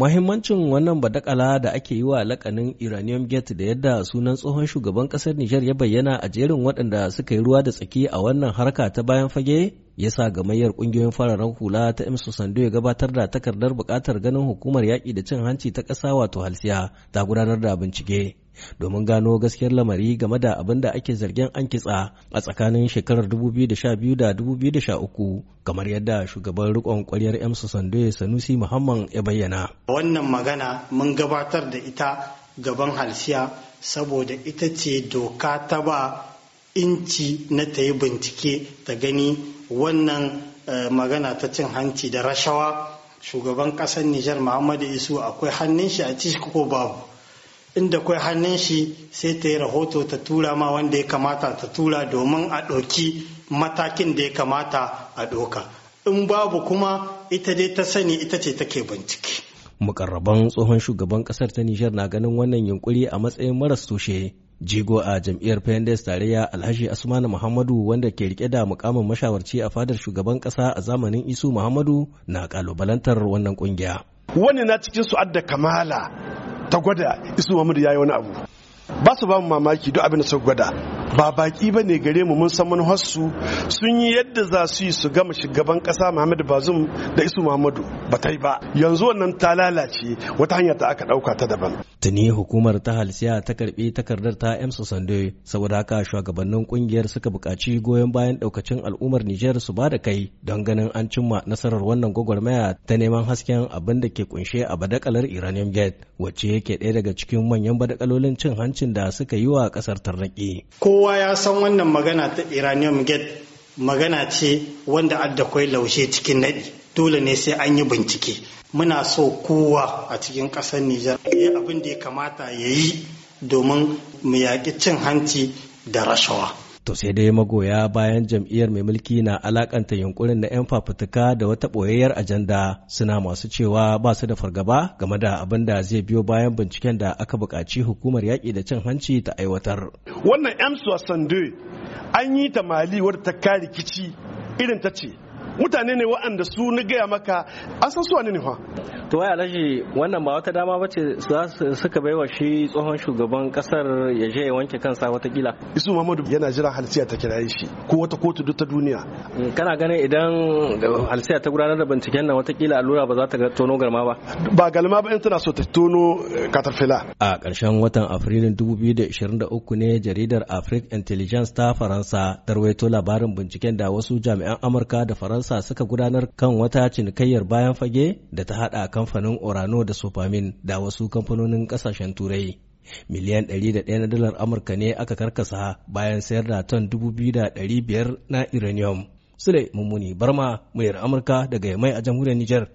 Muhimmancin wannan badakala da ake yi wa lakanin Iranium Gate da yadda sunan tsohon shugaban kasar Nijar ya bayyana a jerin waɗanda suka yi ruwa da tsaki a wannan harka ta bayan fage ya sa gamayyar ƙungiyoyin fararen hula ta m Sando ya gabatar da takardar bukatar ganin hukumar yaƙi da cin hanci ta ƙasa wato halsiya ta gudanar da bincike. domin gano gaskiyar lamari game da abin da ake zargin an kitsa a tsakanin shekarar 2012 da 2013 kamar yadda shugaban rikon kwaryar emsu sandoye sanusi muhammad ya bayyana wannan magana mun gabatar da ita gaban halsiya saboda ita ce doka ta ba inci na ta yi bincike ta gani wannan eh, magana ta cin hanci da rashawa shugaban ƙasar nijar muhammadu isu akwai hannun shi a ciki ko babu inda kai hannun shi sai ta yi rahoto ta tura ma wanda ya kamata ta tura domin a ɗauki matakin da ya kamata a ɗauka in babu kuma ita dai ta sani ita ce take bincike mukarraban tsohon shugaban kasar ta nijar na ganin wannan yunkuri a matsayin maras toshe jigo a jam'iyyar pendes tarayya alhaji asmanu muhammadu wanda ke rike da mukamin mashawarci a fadar shugaban kasa a zamanin isu muhammadu na kalubalantar wannan kungiya wani na cikin su adda kamala ta gwada isu ya yi wani abu ba su ba mu mamaki duk abin da su gwada ba baki ba ne gare mu mun san manuharsu sun yi yadda za su yi su gama shugaban kasa muhammadu bazum da isu muhammadu ba ta ba yanzu wannan ta lalace wata hanya ta aka dauka ta daban tuni hukumar ta halsiya ta karbi takardar ta emsa sande saboda haka shugabannin kungiyar suka buƙaci goyon bayan daukacin al'ummar nijar su bada kai don ganin an cimma nasarar wannan gwagwarmaya ta neman hasken abin da ke kunshe a badakalar iranian gate wacce yake ɗaya daga cikin manyan badakalolin cin hancin da suka yi wa ƙasar tarnaki kowa ya san wannan magana ta iranium gate magana ce wanda adda kwai laushe cikin naɗi dole ne sai an yi bincike muna so kowa a cikin ƙasar nijar ya abin da ya kamata ya yi domin mu yaƙi cin hanci da rashawa To sai dai magoya bayan jam'iyyar mai mulki na alakanta yunkurin na 'yan fafutuka da wata ɓoyayyar ajanda suna masu cewa ba su da fargaba game da abin da zai biyo bayan binciken da aka buƙaci hukumar yaƙi da cin hanci ta aiwatar. Wannan 'yan sande an yi ta mali wadda ta kare kici irin ta ce mutane ne waɗanda su na gaya maka an san su ne fa to wai alhaji wannan ba wata dama bace suka baiwa shi tsohon shugaban kasar ya je ya wanke kansa watakila isu muhammadu yana jira halsiya ta kiraye shi ko wata kotu duk ta duniya mm, kana ganin idan halsiya ta gudanar da binciken nan watakila allura ba za ta tono garma ba ba galma ba in tana so ta tono katafila eh, a ƙarshen watan afrilun 2023 ne jaridar afrique intelligence ta faransa ta rawaito labarin binciken da wasu jami'an amurka da faransa suka gudanar kan wata cinikayyar bayan fage da ta haɗa kan kamfanin Orano da Sofamin da wasu kamfanonin kasashen Turai. Miliyan 101 na dalar Amurka ne aka karkasa bayan sayar da ton 2,500 na uranium. Sule Mummuni Barma, muryar Amurka daga Yamai a jamhuriyar Nijar.